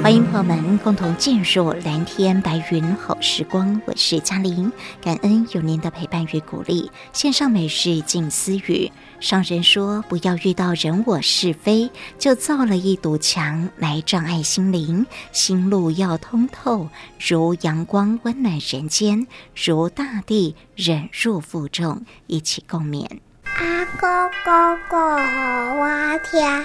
歡迎朋友們共同進入藍天白雲好時光，我是嘉玲，感恩有您的陪伴與鼓勵。線上每日靜思語，上人說不要遇到人我是非就造了一堵牆來障礙心靈，心路要通透，如陽光溫暖人間，如大地忍辱負重。一起共勉。阿哥阿哥好聽。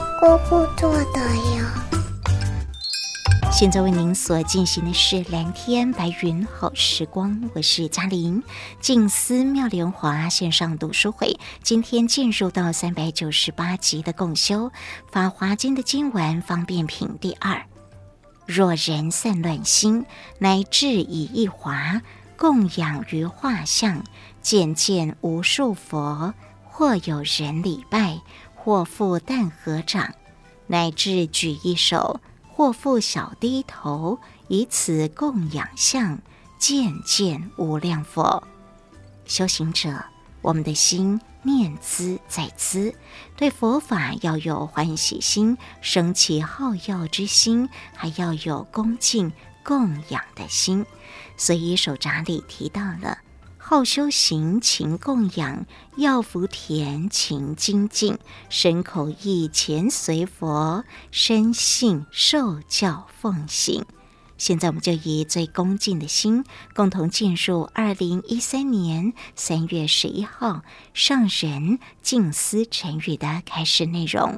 姑姑做的呀。現在為您所進行的是《藍天白雲好時光》，我是嘉玲，靜思妙蓮華線上讀書會。今天進入到三百九十八集的共修《法華經》的經文方便品第二。若人散亂心，乃至以一華供養於畫像，漸見無數佛，或有人禮拜，或復但合掌，乃至舉一手；或復小低頭，以此供養像，漸見無量佛。修行者，我們的心念茲在茲，對佛法要有歡喜心，升起好樂之心，還要有恭敬供養的心。所以手札裡提到了。好修行，勤供養，樂福田，勤精進，身口意虔隨佛，深信受教奉行。現在，我們就以最恭敬的心，共同進入二零一三年三月十一號上人靜思晨語的開示內容。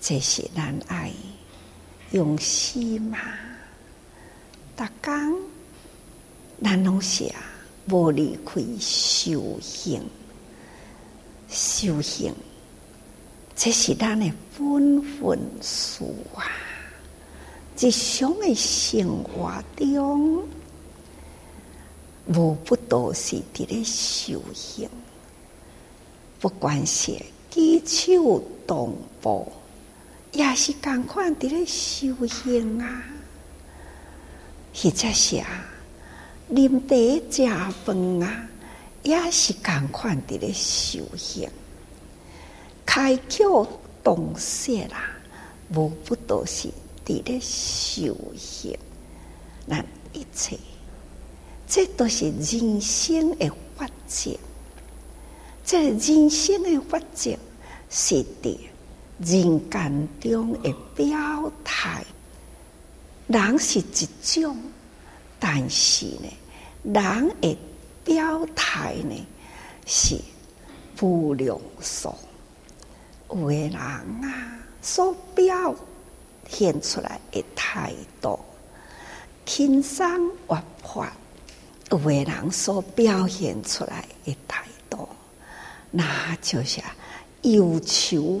這是咱愛，用心嘛，大家，咱攏是啊，無離開修行，修行。這是咱的本分事啊。日常誒生活中，無不都是佇咧修行。不管是舉手動步。也是同款在咧修行啊，在是在、啊、寫，啉茶食飯啊，也是同款在咧修行。開口動舌啦、啊，無不都是在咧修行。那一切，這都是人生的法則。這人生的法則，是的。人間中的表態，人是一種，但是呢，人的表態呢是不兩說。有的人啊，所表現出來的態度輕鬆活潑；有的人所表現出來的態度，度，那就是有求。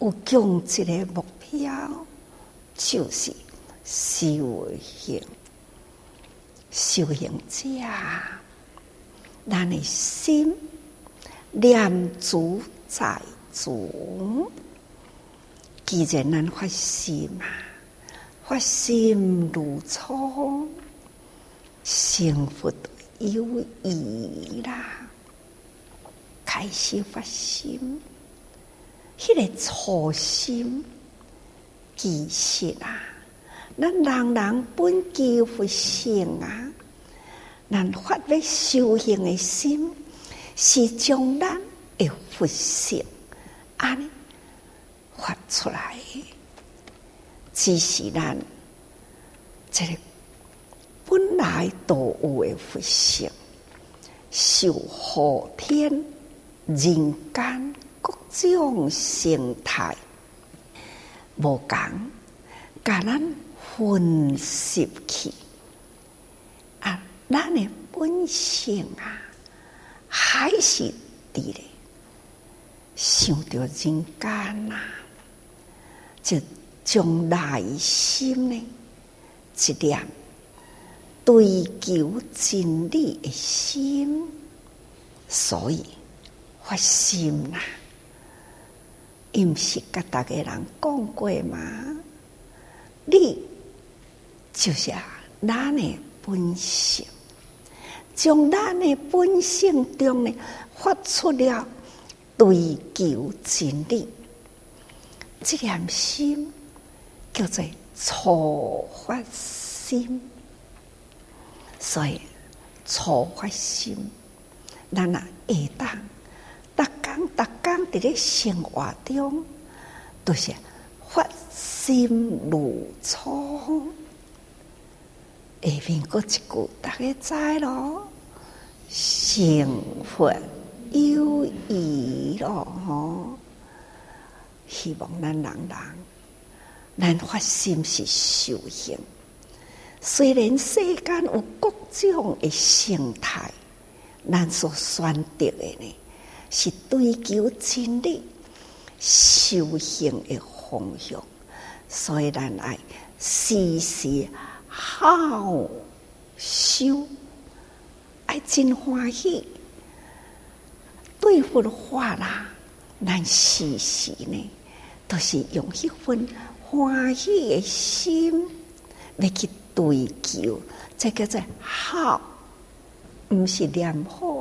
有共一個目標，就是修行。修行者，咱的心念足在足，既然咱發心啊，發心如初，幸福的有意啦！開始發心。迄個初心，其實啊，咱人人本具佛性啊，咱發的修行嘅心，是將咱嘅佛性啊發出來。其是咱即個本來都有的佛性，受後天人間各種心態無同，甲咱分析去。啊，咱誒本性啊，還是佇咧，想着真艱難，一種內心誒一點追求真理誒心，所以發心啊。因是跟逐個人講過嗎？你就是咱的本性，從咱的本性中發出了追求真理，這個心叫做初發心，所以初發心咱會當。逐天逐天佇個生活中，都、就是發心如初。下面過一句，大家知咯，幸福有餘咯，吼！希望咱人人咱發心是修行。雖然世間有各種的生態，咱所選擇嘅呢。是追求真理修行嘅方向，所以咱愛時時好修，愛真歡喜。對分法啦，咱時時呢，都、就是用迄份歡喜嘅心來去追求，即叫做好，毋是念好。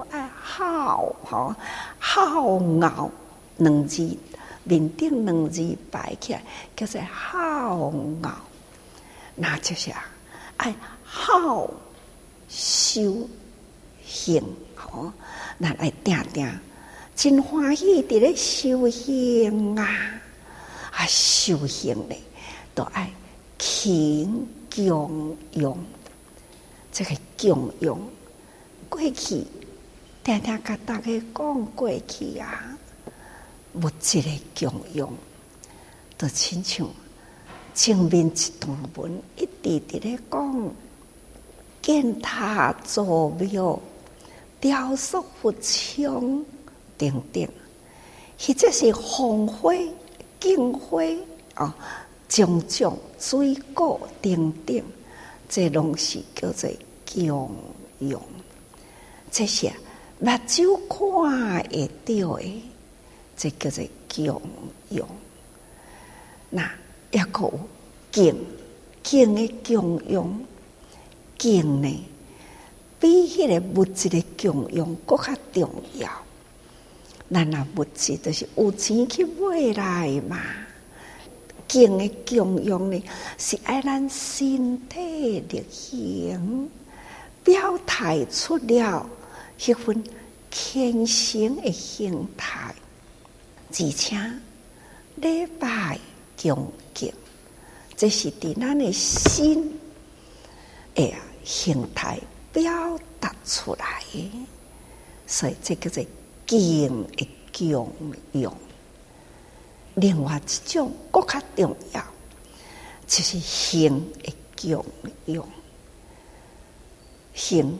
好哈，好樂兩字，面頂兩字擺起來，來叫做好樂。那就是愛好修行吼，那愛定定，真歡喜！佇咧修行啊，啊修行咧，著愛勤供養，這個供養過去。貴天天甲大家講過去啊，物質的供養，著，親像前面一段文，一直佇咧講，建塔造廟、雕塑佛像，等等，或者是紅花、金花啊，種、哦、種種水果，等等，這攏是叫做供養。這些、啊。目睭看會到誒，即叫做供養。精精 này, 那抑閣有敬敬誒供養，敬呢比迄個物質誒供養擱較重要。那那物質著是有錢去買來嘛。敬誒供養呢，是愛咱身體力行表態出了。迄份虔誠誒心態，而且禮拜恭敬，這是佇咱誒心誒啊，心態表達出來。誒。所以，這叫做敬誒，敬用。另外一種閣較重要，就是行誒，敬用。行。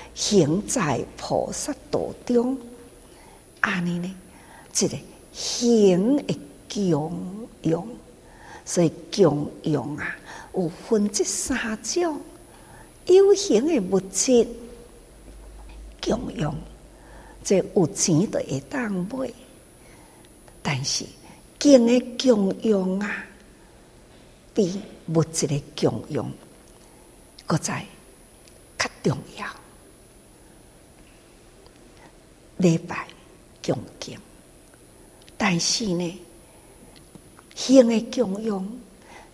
行在菩薩道中，安尼呢？一、這個行的供養，所以供養啊，有分即三種：有形的物質供養，在有錢就會當買；但是，敬的供養啊，比物質的供養，擱在較重要。禮拜恭敬，但是呢，行的供養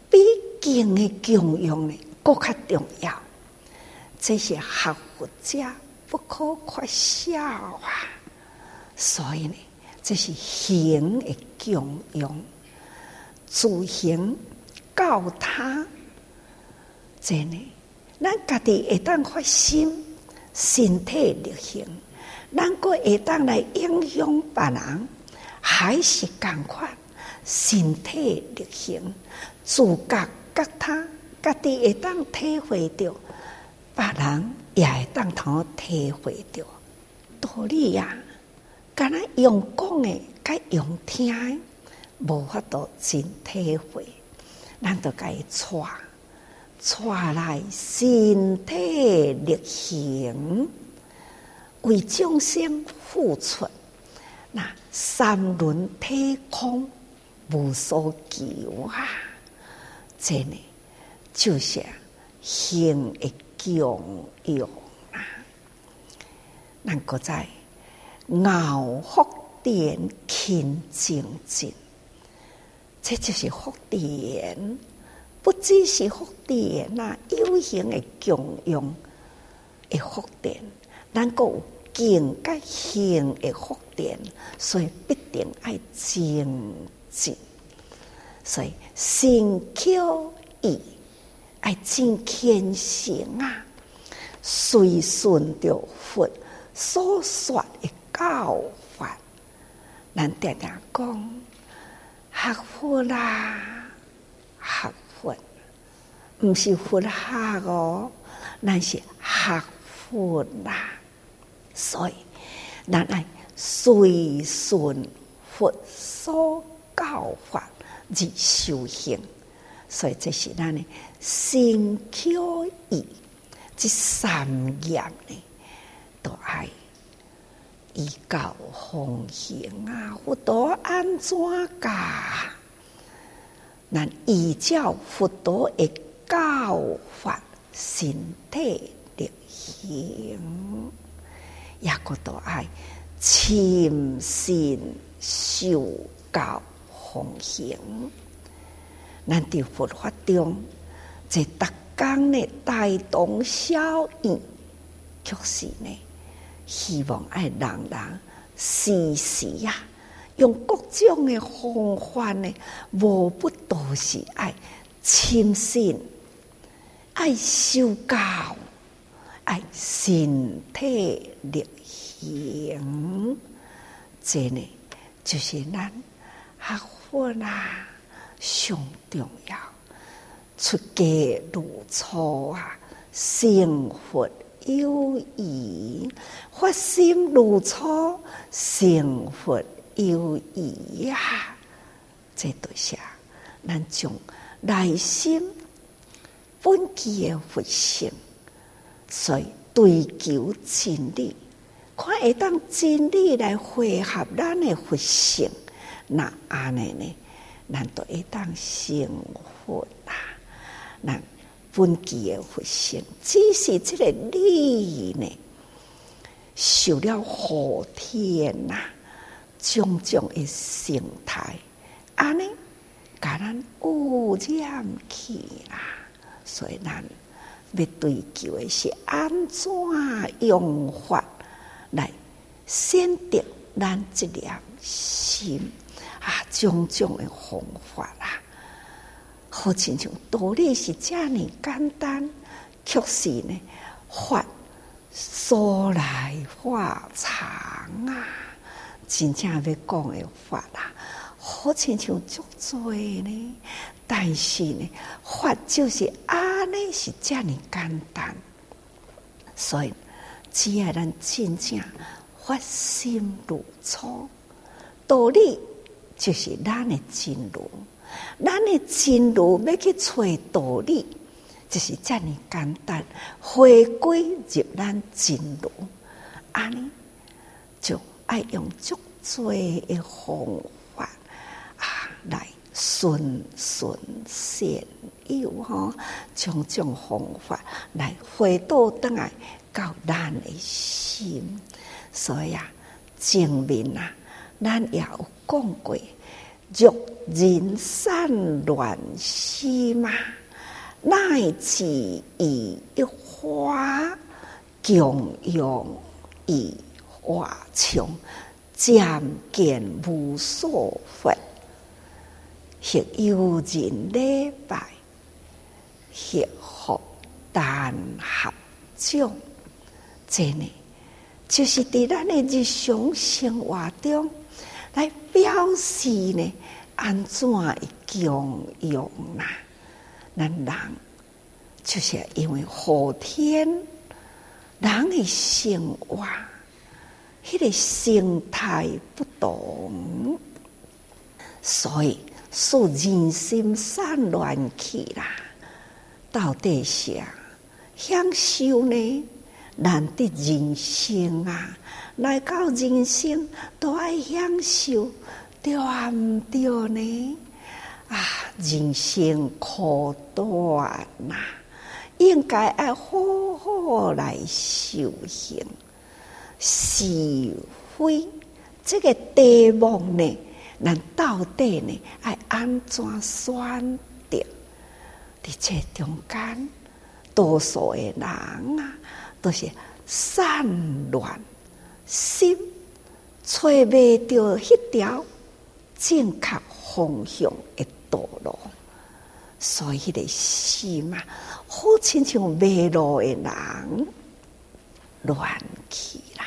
比敬的供養呢擱較重要。這是學佛者不可缺少啊！所以呢，這是行的供養，自行教他。這呢，咱家己會當發心，身體力行。咱閣會當來影響別人，還是共款身體力行，自覺、啊、跟他、家己會當體會到，別人也會當通體會到。道理啊。剛阿用講誒，甲用聽誒，無法度真體會，咱著甲伊傳，傳來身體力行。為眾生付出，那三輪體空無所求啊！這呢，就是行的功用啊。能夠在樂福田勤精進，這就是福田。不只是福田，那修行的功用的福田，能夠。境跟心的福田，所以必定愛精進，所以身口意愛真虔誠啊，隨順着佛所說的教法，咱常常講學佛啦，學佛、啊，毋是佛學哦，咱是學佛啦、啊。所以，咱要隨順佛所教法而修行，所以這是咱的身口意，這三業呢都要依教奉行啊！佛陀安怎教？咱依照佛陀的教法身體力行。一擱都愛，深信受教奉行。咱佇佛法中，即逐工嘅帶動效應，確實呢，希望愛人人時時啊用各種誒方法呢，無不都是愛深信愛受教。愛心體力行，這裡就是咱學佛啦，上重要。出家如初啊，成佛有餘；發心如初，成佛有餘呀。再讀一咱從內心本具的佛所以追求真理，看會當真理來會合咱誒佛性，那安尼呢，咱到會當成佛啦？咱本具誒佛性，只是即個你呢，受了後天啊，種種誒形態，安尼，教人污染去啦，所以咱。要追求的是安怎用法來顯得咱即粒心啊，種種的方法啊，好親像道理是遮呢簡單，可是呢，法說來話長啊，真正要講的法啊。好親像足多呢，但是呢，法就是安尼是遮麼簡單。所以只要咱真正發心如初，道理就是咱的真如。咱的真如要去揣道理，就是遮麼簡單，回歸入咱真如，安尼就愛用足多的方法。來循循善誘哈，種種方法來回到當下到咱的心。所以啊，前面啊，咱也有講過，若人散亂心嘛，乃至以一花供養於畫像，漸見無數佛。學有人禮拜，學佛談合眾，即呢，就是佇咱誒日常生活中來表示呢，安怎一種用呢？咱人就是因為後天人誒生活，迄、那個心態不同，所以。所以人心散亂去啦。到底是享受呢？難得人生啊，來到人生都愛享受，對啊，唔對呢？啊，人生苦短吶，應該愛好好來修行，是非這個德望呢？咱到底呢？要安怎選擇？佇這中間多數誒人啊，都、就是散亂心，找袂到迄條正確方向誒道路，所以迄個心啊，好親像迷路誒人，亂去啦。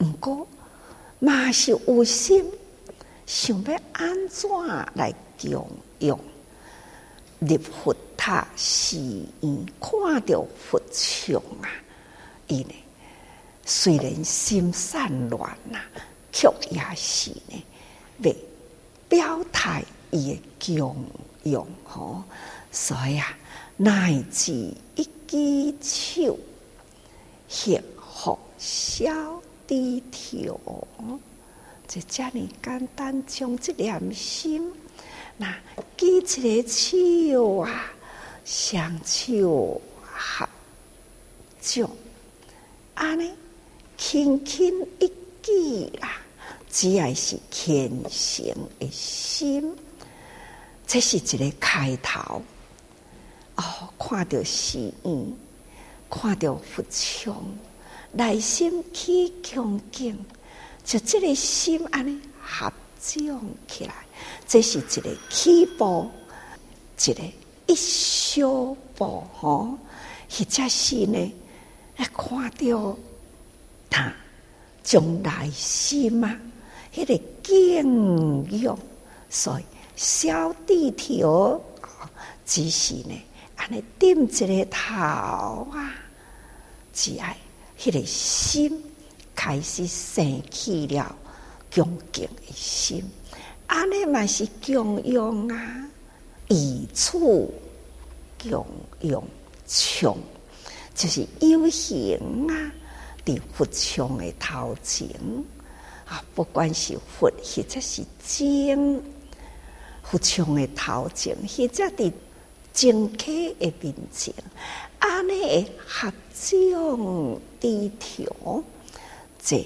毋過，嘛是有心。想要安怎麼來形容？入佛塔寺院，看着佛像啊，伊呢，雖然心散亂吶，卻也是呢，被表態也供養。所以啊，乃至舉一手，或復小低頭。就這麼簡單，將這顆心，那舉一個手啊，雙手合掌，安呢輕輕一舉啊，只要是虔誠的心，這是一個開頭。哦，看到寺院，看到佛像，內心起恭敬。就即個心安尼合掌起來，這是一個起步，一個一小步吼。迄、哦、者是呢，看着，他、啊、將來心啊迄、那個應用，所以小低頭、哦、只是呢，安尼頂一個頭啊，只要迄個心，開始生起了恭敬的心，安尼嘛，是供養啊，以此供養，像就是有形啊，佇佛像的頭前，啊，不管是佛或者是經，佛像的頭前，或者佇的尊的面前，安尼會合掌低頭。這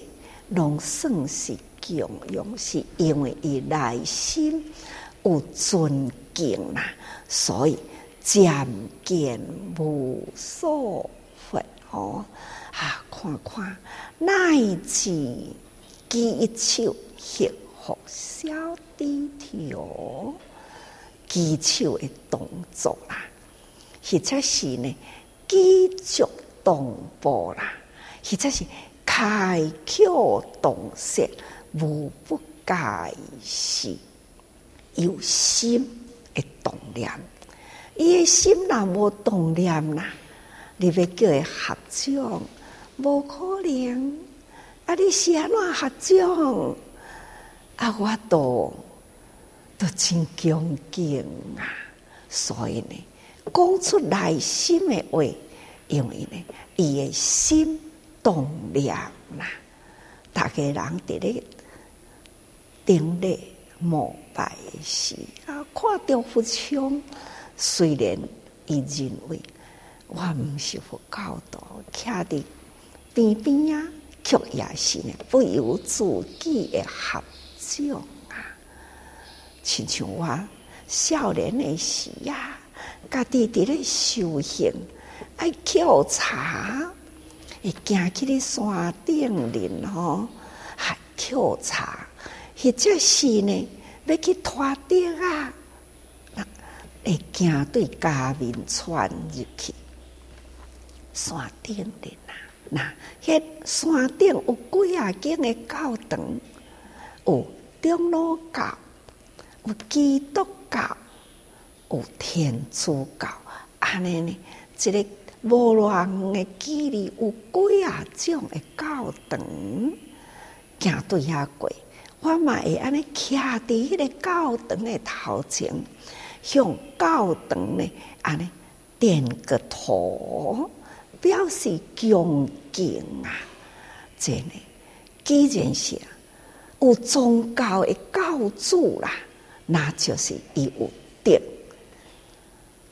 攏算是供養，是因為伊內心有尊敬嘛，所以漸漸無所悔哦。啊，看看乃至舉一手，或復小低頭，舉手的動作啦，實在是呢，舉足動步啦，迄在是。太開口動舌，無不皆是，有心的動念。伊的心若無動念啦？你要叫伊合掌，無可能。啊，你是安怎合掌，啊，我都都真恭敬啊。所以呢，講出來心的話，因為呢，伊的心。動念啦，大家人佇咧頂咧膜拜時啊，看着佛像，雖然伊認為我毋是佛教徒倚佇邊邊啊，卻也是呢不由自己誒合掌啊。親像我少年誒時啊，家己佇咧修行愛調查。會行去咧山頂林吼、哦，還考察，迄者是呢要去拖頂啊？會驚對家民竄入去。山頂林吶、啊，那迄山頂有幾啊間誒教堂，有長老教，有基督教，有天主教，安尼呢？即、這個。無量個距離有幾啊？種個教堂，行對遐，過，我嘛會安尼徛佇迄個教堂的頭前，向教堂呢安尼點個頭，表示恭敬啊！真、這、誒、個，既然是有宗教的教主啦、啊，那就是伊有德，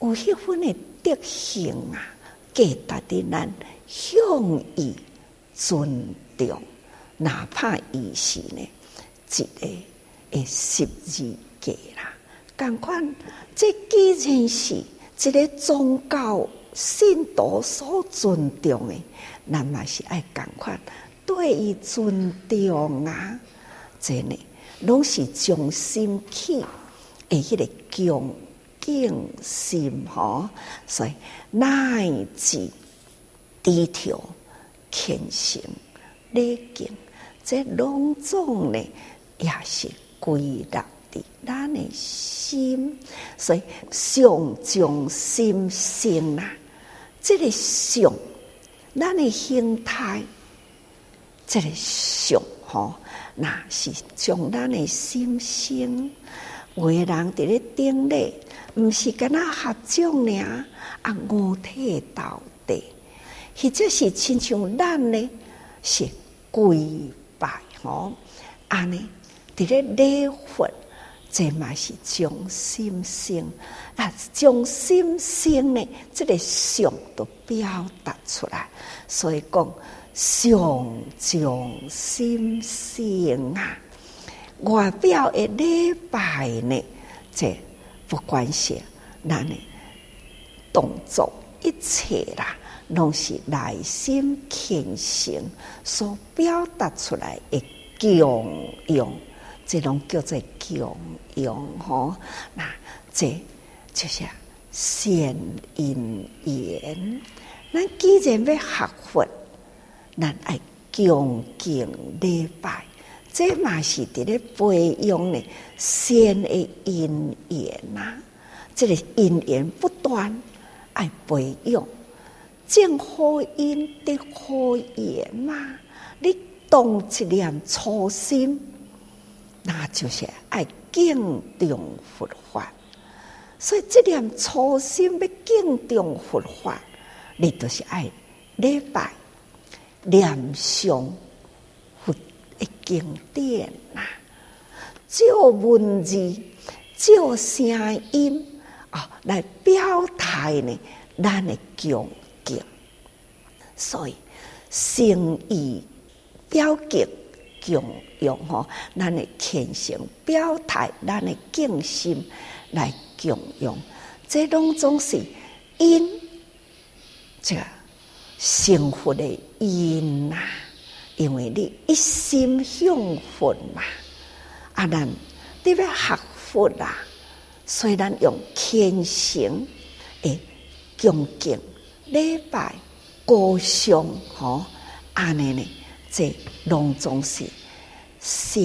有迄份的德行啊。皆值得咱，向伊尊重，哪怕伊是呢，一個誒十字架啦。共款，即既然是一個宗教、信徒所尊重誒，咱嘛是愛共款。對伊尊重啊，真誒攏是從心去，誒迄個敬。敬心哈，所以乃至低頭虔誠禮敬，這當中呢也是歸到佇咱誒心，所以，統統所以上將心心吶，即、這個上，咱誒心態，即、這個上哈，若是將咱誒心心，為人佇咧頂內。毋是敢若合掌爾啊，啊五體投地，或者是親像咱呢，是跪拜哦，安尼佇咧禮佛，這嘛是講心性，啊講心性呢，即、這個相都表達出來，所以講相講心性，啊外表的禮拜呢，這。不管誰，咱的動作一切啊，攏是內心虔誠所表達出來，供養，這攏叫做供養吼，那、哦、這就是善因緣。咱既然要學佛，咱要恭敬禮拜。這嘛是佇咧培養咧善誒因緣啊。即、這個因緣不斷愛培養，正好因得好緣嘛、啊。你動一念初心，那就是愛敬重佛法。所以這念初心要敬重佛法，你就是愛禮拜念誦。經典吶，借、啊、文字、借聲音啊來表達呢，咱的境界。所以，心意表極、表敬、供養哈，咱的虔誠表態，咱的敬心來供養。這攏總是因這幸福的因吶、啊。因為你一心向佛嘛，啊，南，你要學佛啦。所以咱用虔誠、誒恭敬、禮、哦、拜、高香吼，安尼呢，這攏總是善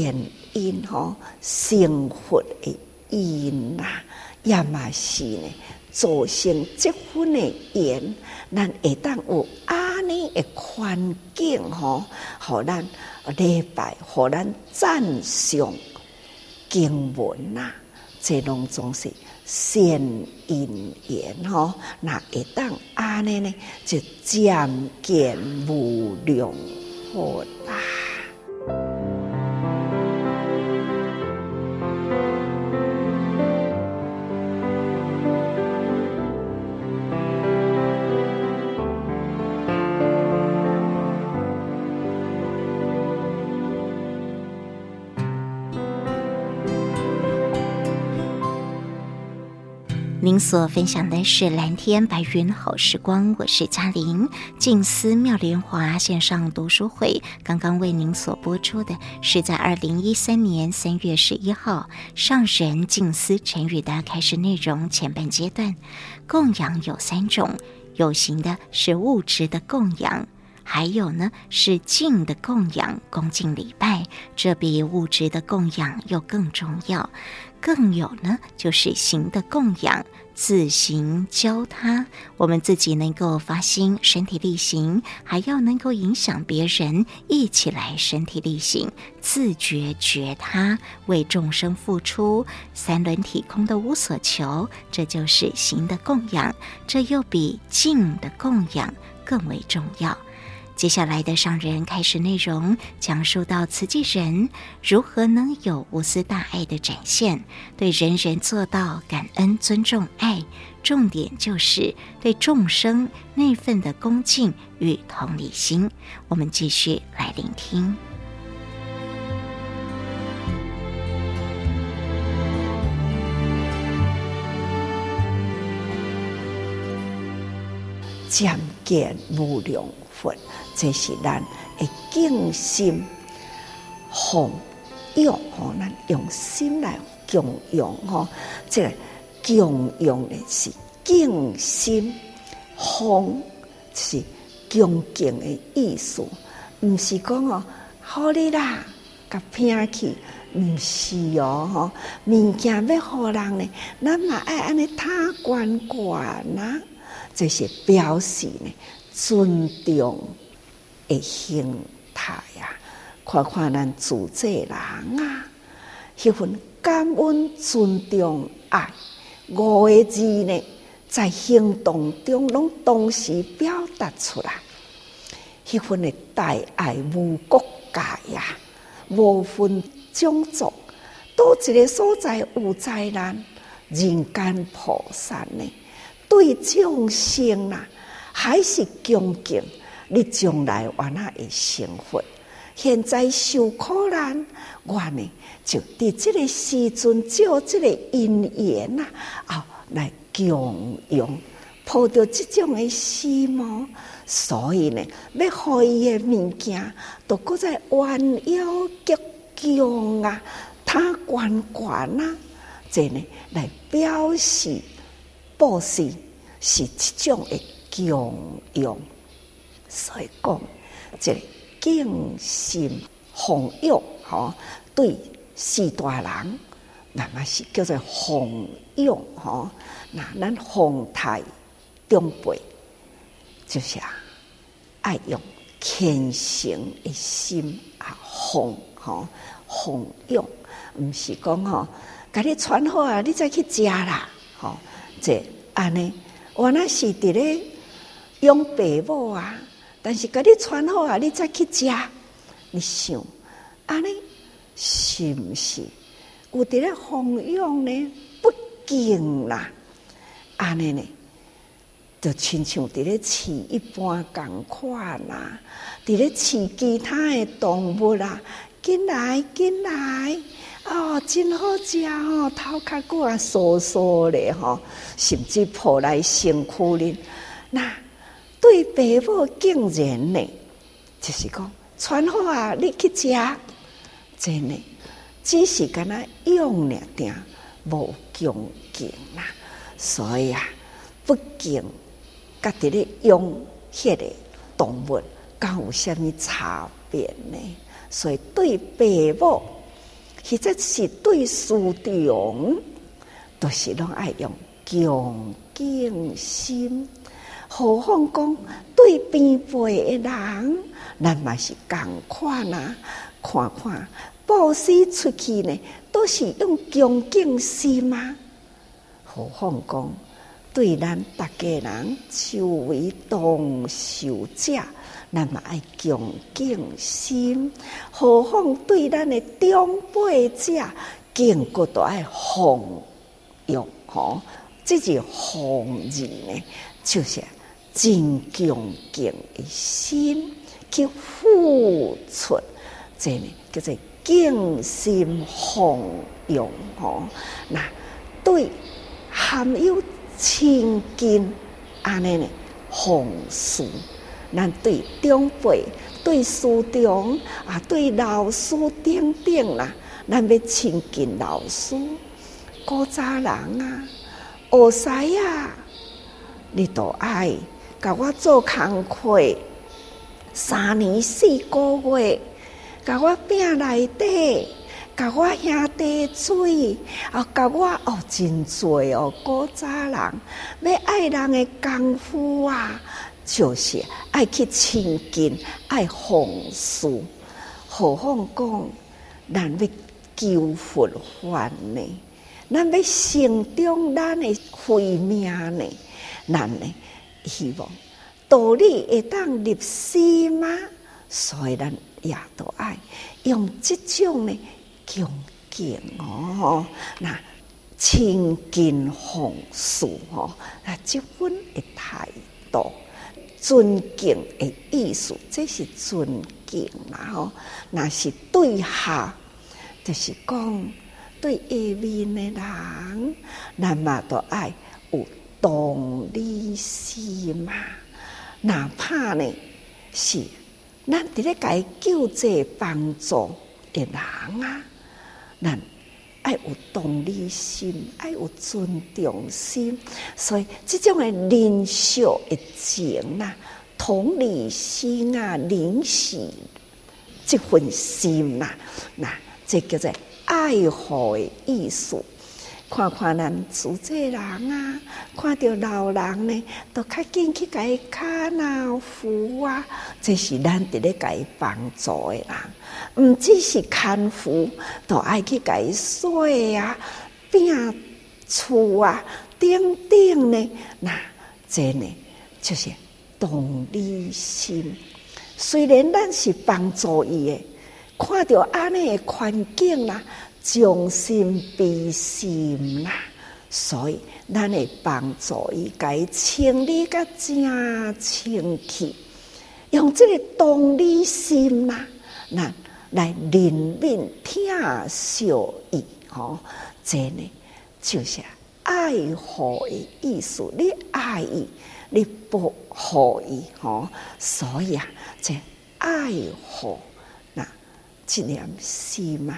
因吼，善、哦、佛的因啊，也嘛是呢，造成積福的因，咱會當有愛的環境吼，互咱禮拜，互咱讚賞。經文吶，這攏總是善因緣吼，那會當安尼呢，就漸見無量佛啦。您所分享的是藍天白雲好時光，我是嘉玲。靜思妙蓮華線上讀書會剛剛為您所播出的是在二零一三年三月十一號上人靜思晨語的開示內容前半階段。供養有三種，有形的是物質的供養，還有呢是敬的供養，恭敬禮拜，這比物質的供養又更重要。更有呢，就是行的供養，自行教他，我們自己能夠發心身體力行，還要能夠影響別人一起來身體力行，自覺覺他，為眾生付出三輪體空的無所求，這就是行的供養，這又比敬的供養更為重要。接下來的上人開示內容，講述到慈濟人如何能有無私大愛的展現，對人人做到感恩、尊重、愛，重點就是對眾生那份的恭敬與同理心。我們繼續來聆聽。漸見無量。佛，這是咱的敬心，奉養哈，咱、哦、用心來奉養哈。這個奉養的是敬心，奉是恭敬的意思，毋是講哦好你啦，甲拼去，毋是哦哈，物、哦、件要互人呢，咱嘛愛安尼，他管管呢，這是表示呢。尊重的心態呀，看看咱自己人啊，一份感恩、尊重愛、愛五個字呢，在行動中，攏同時表達出來。一份的大愛無國界呀、啊，無分種族，多一個所在有災難，人間菩薩呢，對眾生吶。還是恭敬，你將來安怎會成佛？現在受苦難，我呢就佇即個時陣借即個因緣吶，啊，哦、來供養，抱着即種的希望。所以呢，要互伊個物件，都擱再彎腰鞠躬啊，他懸懸那，這呢來表示，表示是即種的。供養，所以講，這敬心奉養哈，對四大人，那麼是叫做奉養哈。那咱奉太長輩，就是愛、啊、用虔誠的心啊，奉哈奉養，不是講哈，給你穿好啊，你再去吃啦，好、哦，這安呢，我那是滴嘞。養父母啊，但是甲你穿好啊，你再去食。你想，安、啊、尼是毋是？有佇咧弘揚咧？不勁啦，安、啊、尼呢，就親像佇咧飼一般共款啦，佇咧飼其他嘅動物啦、啊，緊來緊來，哦，真好食哦，頭殼骨啊，酥酥咧，哈，甚至抱來辛苦咧。那、啊。對父母敬人呢，就是講傳話啊，你去食”真、這個、呢，只是敢若用呢點無恭敬啦。所以啊，不敬家己咧用迄個動物，敢有啥物差別呢？所以對父母其實是對師長，就是、都是攏愛用恭敬心。何況講對平輩的人，咱嘛是共款啊？看看布施出去呢，都是用恭敬心嗎、啊？何況講對咱逐家人受為當受者，咱嘛愛恭敬心。何況對咱的長輩者，更過度愛奉養？好，即是奉養呢，就是。真恭敬的心去付出，這個、呢叫做敬心奉養，哦、對含有親近阿彌呢，奉事。那對長輩、對師長、啊、對老師頂頂啦，咱們親近老師、古扎人啊、學師、啊、你都甲我做工課，三年四個月，甲我拼來底，甲我喝得水，啊！甲我哦，真多哦，古早人要愛人的功夫啊，就是愛去親近，愛紅樹。何況講，咱要救佛還呢？咱要承中咱的慧命呢？難呢？希望道理會當入詩嗎？所以咱也著要用即種呢恭敬哦，嗱，親近奉事哦，嗱，結婚也態度，尊敬的意思這是尊敬啦，嗬，若是對下，著是講對下面呢人，咱嘛著愛。同理心嘛、啊，哪怕呢，是，咱佇咧解救這幫助嘅人啊，咱愛有同理心，愛有尊重心，所以即種誒憐惜嘅情啦、啊，同理心啊，憐惜，即份心啦、啊，嗱，即叫做愛護誒意思。看看咱殘疾人啊，看到老人呢，着較緊去解牽啊扶啊，這是咱佇咧解幫助誒人，毋只是牽扶，着愛去解洗啊、摒厝啊、等等咧。那真、啊、呢，、啊、這呢就是同理心。雖然咱是幫助伊誒，看着安尼誒環境啦、啊。將心比心啦、啊，所以，咱會幫助伊甲伊清理甲誠清氣，用這個動力心啦、啊，咱來認真聽小伊吼，真、哦、嘅、這個，就是愛護嘅意思你，你愛伊，你保護伊吼，所以啊，就、這個、愛護，嗱、啊，即點心嘛。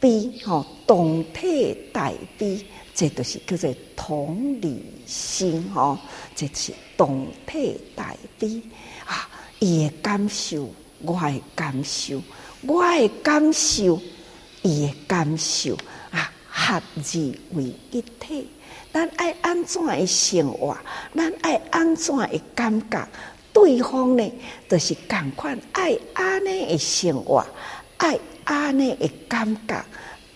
比吼同體大悲，這著是叫做同理心吼、哦。這是同體大悲啊，伊的感受，我的感受，我的感受，伊的感受啊，合二為一體。咱愛安怎的生活，咱愛安怎的感覺，對方呢，著、就是共款愛安尼的生活，愛。安尼伊感覺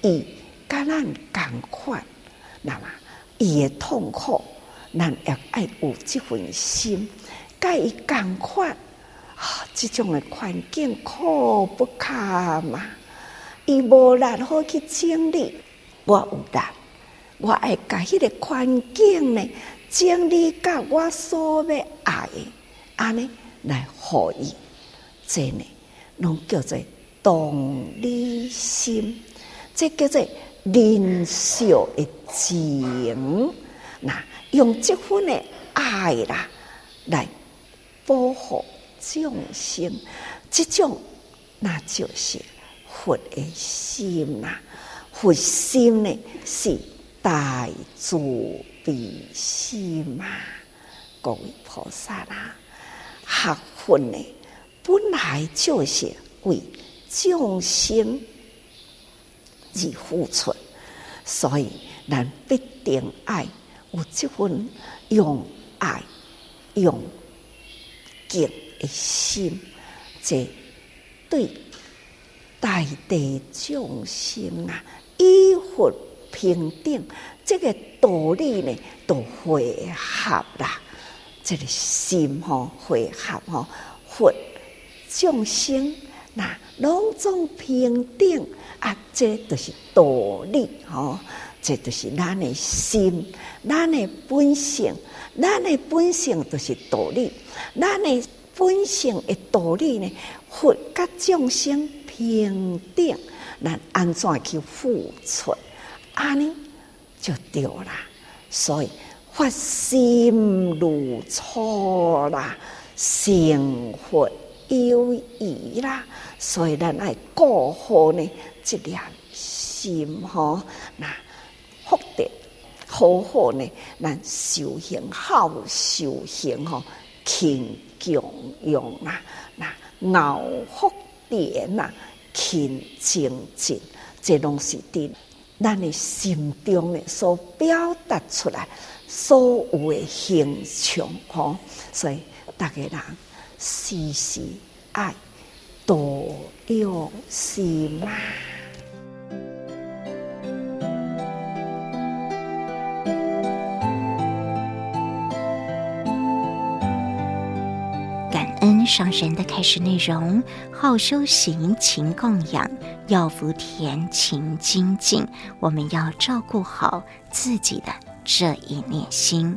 伊伽咱共款，那麼伊嘅痛苦，咱要愛有這份心，介伊共款，啊，這種嘅環境苦不堪啊，伊無能好去整理。我有能，我愛把迄個環境呢，整理甲我所欲愛，安尼來予伊。這呢，攏叫做。動力心，這叫做仁性的情。那用這份的愛啦，來保護眾生，這種那就是佛的心吶。佛心呢是大慈悲心嘛，各位菩薩啦、啊，學佛呢本來就是為。眾生以付出，所以咱必定愛有這份用愛、用敬的心，這對大地眾生啊，以佛平等。這個道理呢，就匯合啦。這個心哈、哦，匯合哈、哦，佛眾生。那攏總平等啊，這著是道理哦，這著是咱的心，咱的本性，咱的本性著是道理，咱的本性的道理呢，佛甲眾生平等，咱安怎去付出？安尼就對啦。所以發心如初啦，心會憂鬱啦，所以咱要顧好呢，即個心吼，那福德好好呢，咱修行好修行吼，勤供養啊，那樂福田吶，勤精進，這攏是佇咱誒心中誒所表達出來，所有誒形象吼，所以逐個人。慈心愛，多用心嗎？感恩上人的開示內容，好修行，勤供養，樂福田，勤精進。我們要照顧好自己的這一念心。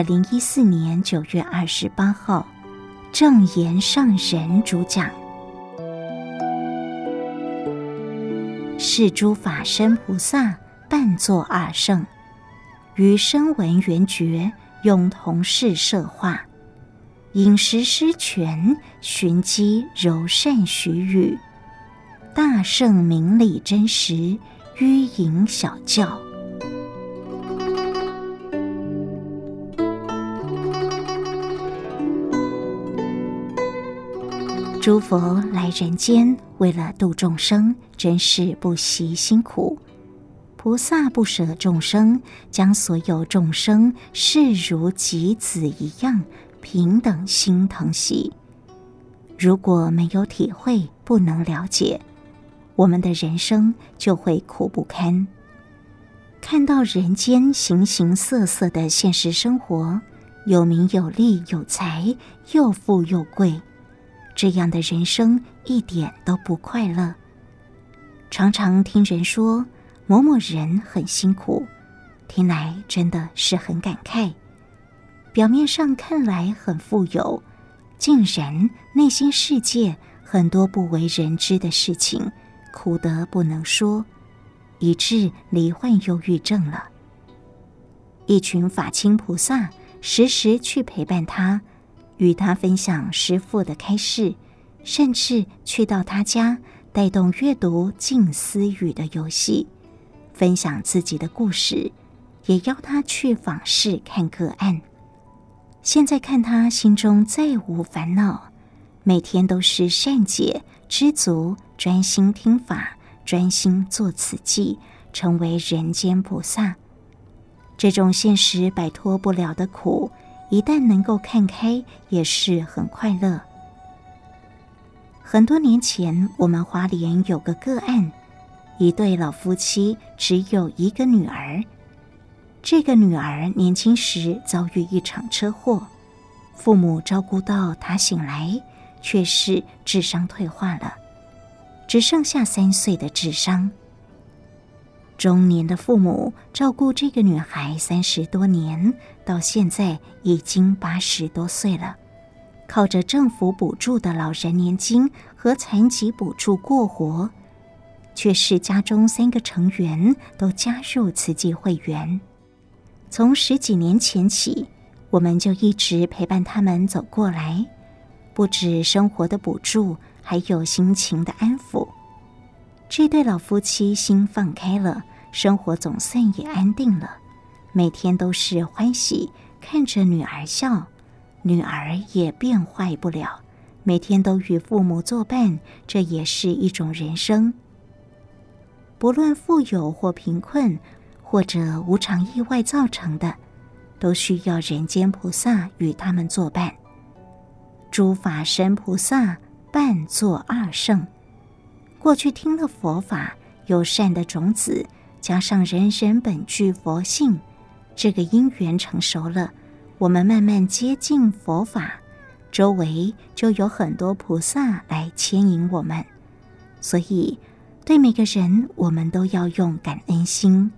二零一四年九月二十八號，證嚴上人主講：是諸法身菩薩扮作二聖，於聲聞緣覺用同事設化，飲食失全，尋機柔善許語，大聖明理真實，於隱小教。諸佛來人間，為了度眾生，真是不惜辛苦。菩薩不捨眾生，將所有眾生視如己子一樣，平等心疼惜。如果沒有體會，不能了解，我們的人生就會苦不堪。看到人間形形色色的現實生活，有名有利有財，又富又貴。這樣的人生一點都不快樂。常常聽人說某某人很辛苦，聽來真的是很感慨。表面上看來很富有，竟然內心世界很多不為人知的事情，苦得不能說，以致罹患憂鬱症了。一群法親菩薩時時去陪伴他。與他分享師父的開示，甚至去到他家，帶動閱讀靜思語的遊戲，分享自己的故事，也邀他去訪視看個案。現在看他心中再無煩惱，每天都是善解、知足、專心聽法、專心做慈濟，成為人間菩薩。這種現實擺脫不了的苦，一旦能夠看開，也是很快樂。很多年前，我們花蓮有個個案，一對老夫妻只有一個女兒。這個女兒年輕時遭遇一場車禍，父母照顧到她醒來，卻是智商退化了，只剩下三歲的智商。中年的父母照顧這個女孩三十多年。到現在已經八十多歲了，靠着政府補助的老人年金和殘疾補助過活，卻是家中三個成員都加入慈濟會員。從十幾年前起，我們就一直陪伴他們走過來，不止生活的補助，還有心情的安撫。這對老夫妻心放開了，生活總算也安定了。每天都是歡喜，看着女兒笑，女兒也變壞不了。每天都與父母作伴，這也是一種人生。不論富有或貧困，或者無常意外造成的，都需要人間菩薩與他們作伴。諸法神菩薩伴作二聖，過去聽了佛法，有善的種子，加上人人本具佛性。這個因緣成熟了，我們慢慢接近佛法，周圍就有很多菩薩來牽引我們。所以，對每個人，我們都要用感恩心，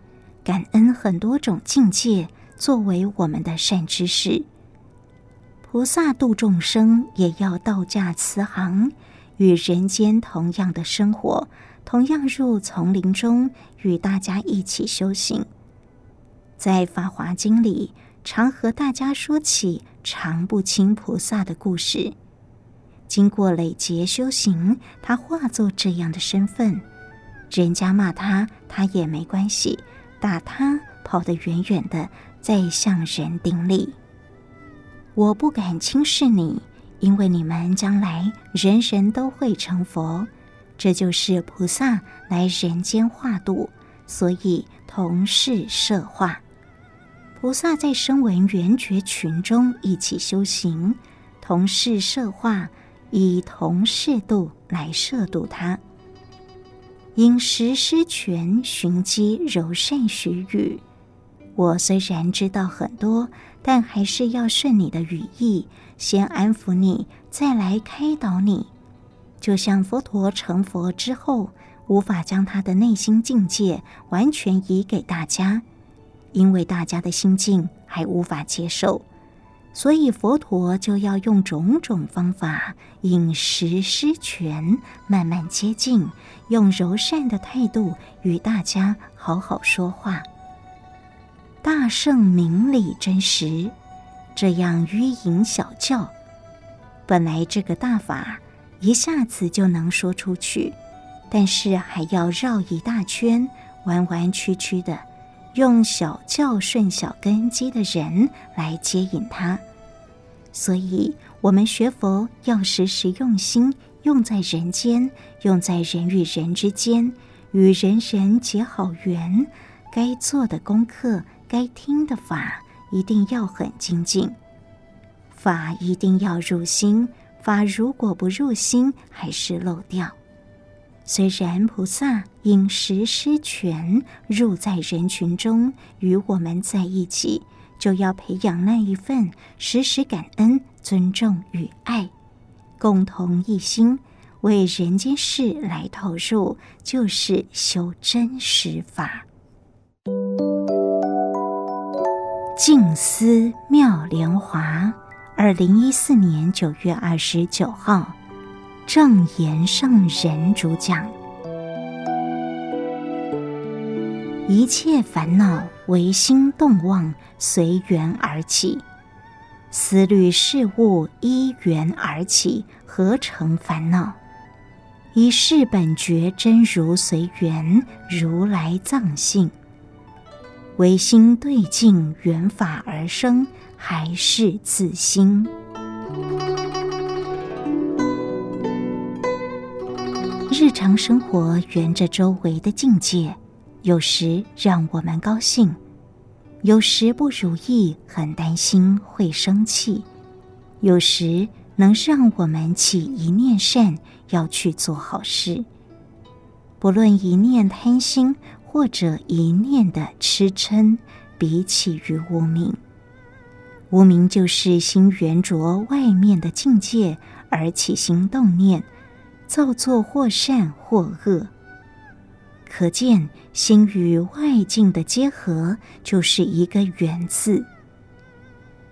感恩很多種境界作為我們的善知識。菩薩度眾生也要倒駕慈航，與人間同樣的生活，同樣入叢林中，與大家一起修行。在《法華經》裡，常和大家說起常不輕菩薩的故事。經過累劫修行，他化作這樣的身份，人家罵他，他也沒關係；打他，跑得遠遠的，再向人頂禮。我不敢輕視你，因為你們將來人人都會成佛。這就是菩薩來人間化度，所以同事攝化。菩薩在聲聞緣覺群中一起修行，同事攝化，以同事度來攝度他。應時施權，尋機柔善許語。我雖然知道很多，但還是要順你的語意，先安撫你，再來開導你。就像佛陀成佛之後，無法將他的內心境界完全移給大家。因為大家的心境還無法接受，所以佛陀就要用種種方法，隱實施權，慢慢接近，用柔善的態度與大家好好說話。大聖明理真實，這樣迂隱小教，本來這個大法一下子就能說出去，但是還要繞一大圈，彎彎曲曲的。用小教順小根基的人來接引他，所以我們學佛要時時用心，用在人間，用在人與人之間，與人人結好緣。該做的功課，該聽的法，一定要很精進，法一定要入心。法如果不入心，還是漏掉。雖然菩薩因實施權，入在人群中與我們在一起，就要培養那一份時時感恩、尊重與愛，共同一心為人間事來投入，就是修真實法。靜思妙蓮華，二零一四年九月二十九號。證嚴上人主講，一切煩惱唯心動妄，隨緣而起；思慮事物依緣而起，何成煩惱？以是本覺真如隨緣，如來藏性，唯心對境緣法而生，還是自心。日常生活緣着周圍的境界，有時讓我們高興，有時不如意，很擔心會生氣，有時能讓我們起一念善，要去做好事。不論一念貪心或者一念的痴嗔，比起於無明，無明就是心緣着外面的境界而起心動念。造作，或善或惡，可見心與外境的結合就是一個緣字。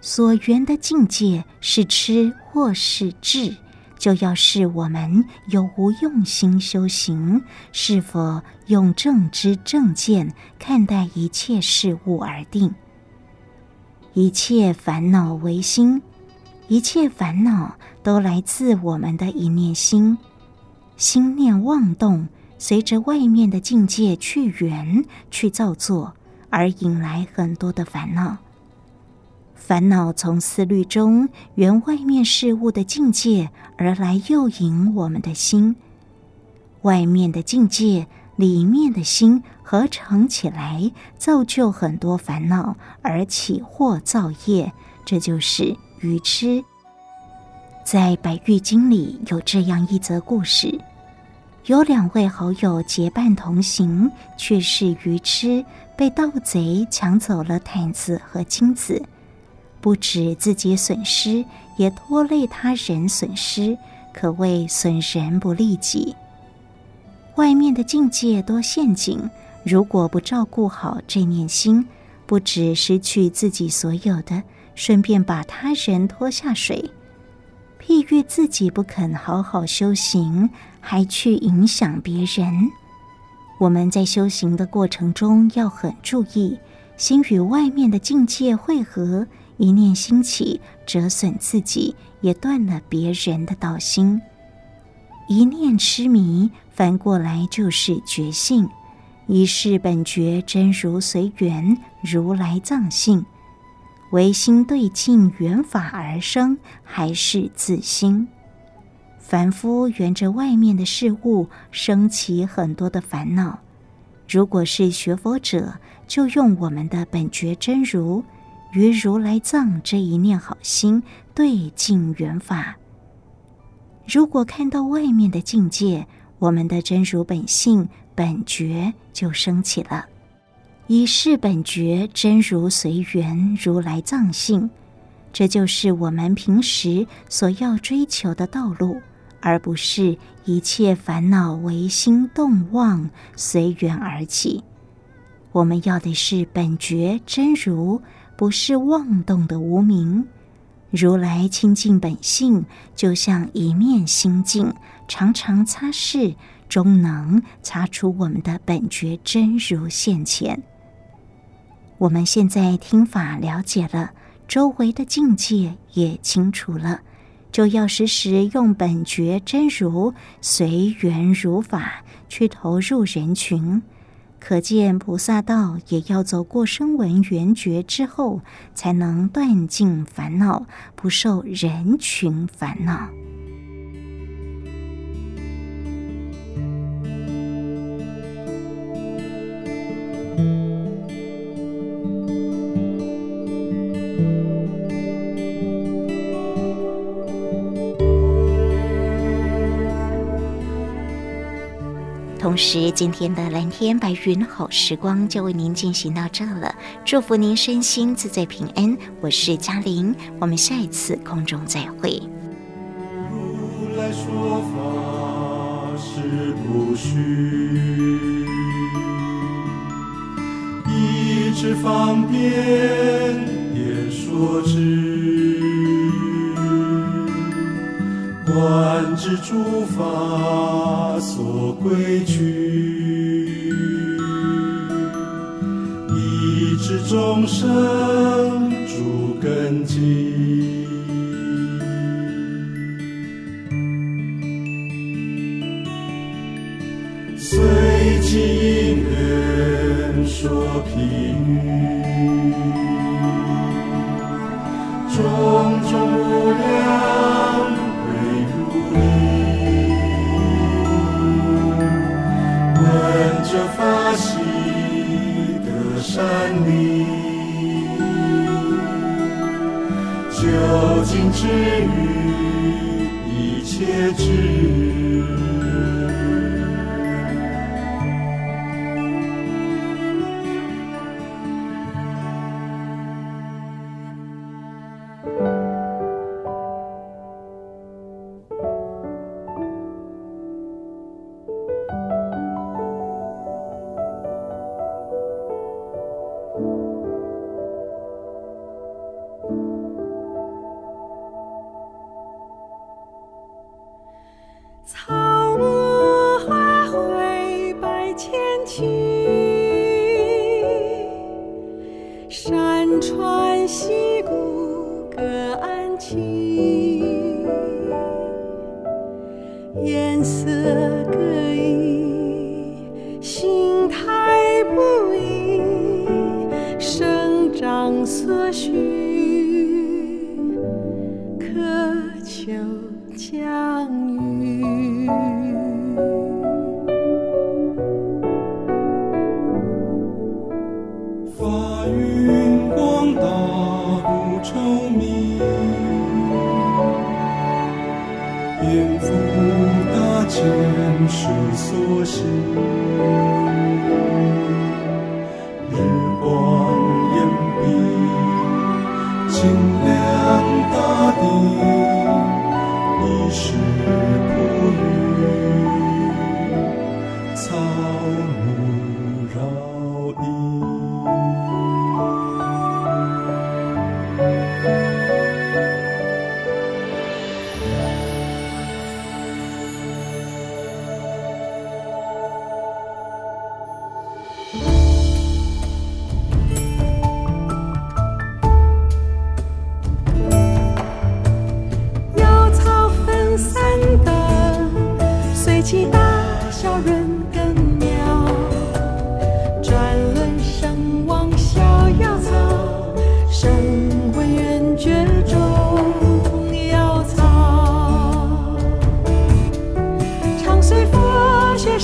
所緣的境界是痴或是智，就要視我們有無用心修行，是否用正知正見看待一切事物而定。一切煩惱為心，一切煩惱都來自我們的一念心。心念妄動，隨着外面的境界去緣，去造作，而引來很多的煩惱。煩惱從思慮中緣外面事物的境界而來，誘引我們的心。外面的境界，裡面的心合成起來，造就很多煩惱，而起惑造業，這就是愚癡。在《百喻經》裡有這樣一則故事。有兩位好友結伴同行，卻是愚痴，被盜賊搶走了毯子和金子，不止自己損失，也拖累他人損失，可謂損人不利己。外面的境界多陷阱，如果不照顧好這念心，不止失去自己所有的，順便把他人拖下水。譬喻自己不肯好好修行。還去影響別人？我們在修行的過程中要很注意，心與外面的境界匯合，一念心起，折損自己，也斷了別人的道心。一念痴迷，反過來就是覺性。一世本覺真如隨緣，如來藏性，唯心對境緣法而生，還是自心。凡夫緣着外面的事物，升起很多的煩惱。如果是學佛者，就用我們的本覺真如與如來藏這一念好心對境緣法。如果看到外面的境界，我們的真如本性本覺就升起了，以是本覺真如隨緣，如來藏性，這就是我們平時所要追求的道路。而不是一切煩惱唯心動妄隨緣而起，我們要的是本覺真如，不是妄動的無明。如來清淨本性就像一面心鏡，常常擦拭，終能擦出我們的本覺真如現前。我們現在聽法了解了，周圍的境界也清楚了。就要時時用本覺真如隨緣如法去投入人群，可見菩薩道也要走過聲聞緣覺之後，才能斷盡煩惱，不受人群煩惱。同時，今天的藍天白雲好時光就為您進行到這了。祝福您身心自在平安。我是嘉玲，我們下一次空中再會。如來說法實不虛，一指方便也說，演說之。觀知諸法所歸趣，以知眾生諸根基，隨其因緣說，至於一切智。